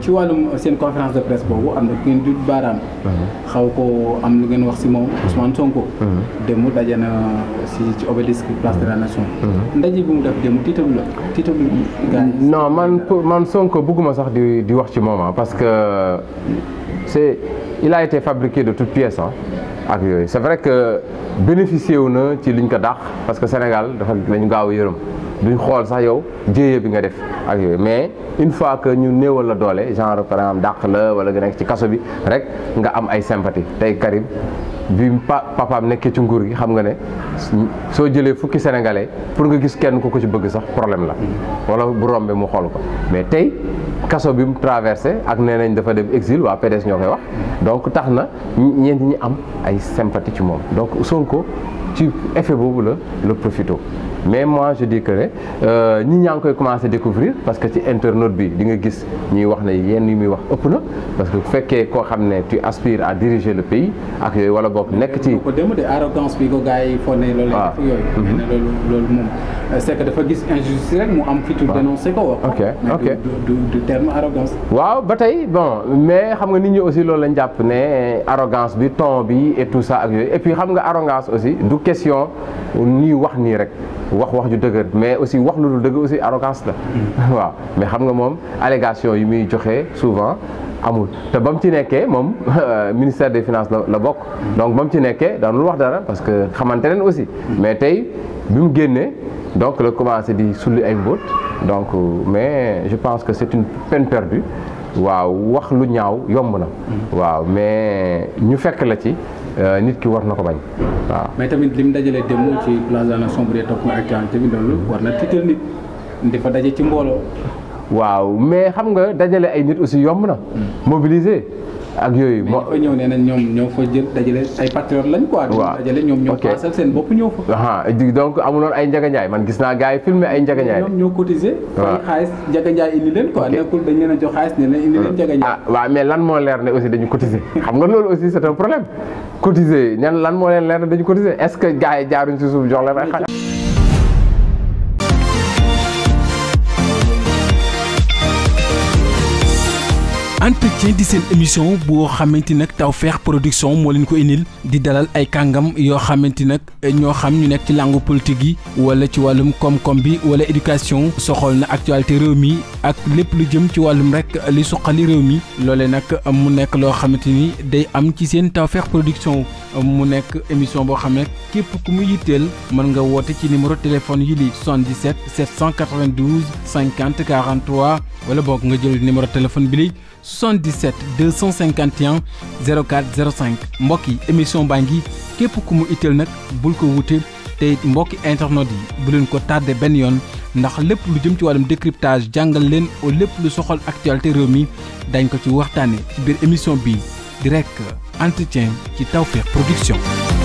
ci wàllum seen conférence de presse boobu am na ku ngeen dut baaraam. Uh-huh. xaw ko am lu ngeen wax si moom uh-huh. Ousmane Sonko. Uh-huh. démb daje na si ci obélisque place de la nation. bi mu def démb tiitalu la tiitalu non man man Sonko bëgguma sax di di wax ci moom ah, parce que c'est il a été fabriqué de tout pièces ah. ak yooyu c'est vrai que bénéficié wu na ci liñ ko dàq parce que Sénégal dafa dañu gaaw a yërëm duñ xool sax yow jéeye bi nga def ak yooyu mais une fois que ñu néewal la doole genre par exemple dàq la wala nga ci kaso bi rek nga am ay sympathie tey Karim bi papaam nekkee ci nguur gi xam nga ne soo jëlee fukki sénégalais pour nga gis kenn ku ko ci bëgg sax problème la wala bu rombe mu xool ko mais tey kaso bi mu traversé ak nee nañ dafa dem exil waa PDS ñoo koy wax donc tax na ñeent ñi am ay sympathie ci moom donc Sonko ci effet boobu la la profito mais mois je dis que ne euh, ñi ñaa ngi koy commencé découvrir parce que ci internaute bi di nga gis ñuy wax ne yenn yi muy wax ëpp na parce que bu fekkee koo xam ne tu aspires à diriger le pays ak yooyu wala bokk nekk ci. ko dem de arrogance bi ko gars yi fone loolu. Ah. Mhm. loolu loolu moom. Euh, c'est que dafa gis injustice rek mu am fitu dénoncé ko wax ok ok du terme arrogance waaw ba tey bon mais xam nga nit ñi aussi loolu lañ jàpp ne arrogance bi ton bi et tout ça ak yooyu et xam nga arrogance aussi du question nii wax nii rek wax wax ju dëgër mais aussi wax lu dul dëgg aussi arrogance la mm. waaw mais xam nga moom allégation yu muy joxe souvent amul te ba mu ci nekkee moom ministère de finance la la bokk donc ba mu ci nekkee lu wax dara parce que xamante leen aussi mais tey bi mu génnee donc la commencé di sulli ay mbóot donc mais je pense que c'est une peine perdue waaw wax lu ñaaw yomb na waaw mais ñu fekk la ci euh, nit ki war na ko bañ waaw mais tamit li mu dajalee démb ci place de la nation bu topp nga ak tamit loolu war na tiital nit dafa daje ci mbooloo waaw mais xam nga dajale ay nit aussi yomb na. Hmm. mobiliser ak yooyu. moo mais ñëw nee nañ ñoom ñoo fa jël dajale ay patriotes lañ quoi. waaw dajale ñoom ñoo paasal seen bopp ñoo fa. donc amuloon ay njagañaay man gis naa gars yi filmé ay njagañaay. ñoom ñoo cotisé. waaw xaalis njagañaay a jox xaalis ne hmm. ah waaw mais lan moo leer ne aussi dañu cotisé xam nga loolu aussi c'est un problème cotisé ñan lan moo leen leer ne dañu cotisé est-ce que gars jaaruñ si suuf jox leen ay entretien di seen émission boo xamante nag Tawfekh Production moo leen ko indil di dalal ay kàngam yoo xamante nag ñoo xam ñu nekk ci làngu politique yi wala ci wàllum koom-koom bi wala éducation soxal na actualité réew mi ak lépp lu jëm ci wàllum rek li suqali réew mi loole nag mu nekk loo xamante ni day am ci seen Tawfekh Production mu nekk émission boo xam ne képp ku mu yitteel mën nga woote ci numéro téléphone yi di 77 792 50 43 wala boog nga jël numéro téléphone bi li 77 251 04 05 mbokk yi émission baa ngi képp ku mu itteel nag bul ko wute te mbokki internet yi bu leen ko tàddee benn yoon ndax lépp lu jëm ci wàllum décryptage jàngal leen o lépp lu soxal actualité réew mi dañ ko ci waxtaane ci biir émission bi direct entretien ci Tawfekh Production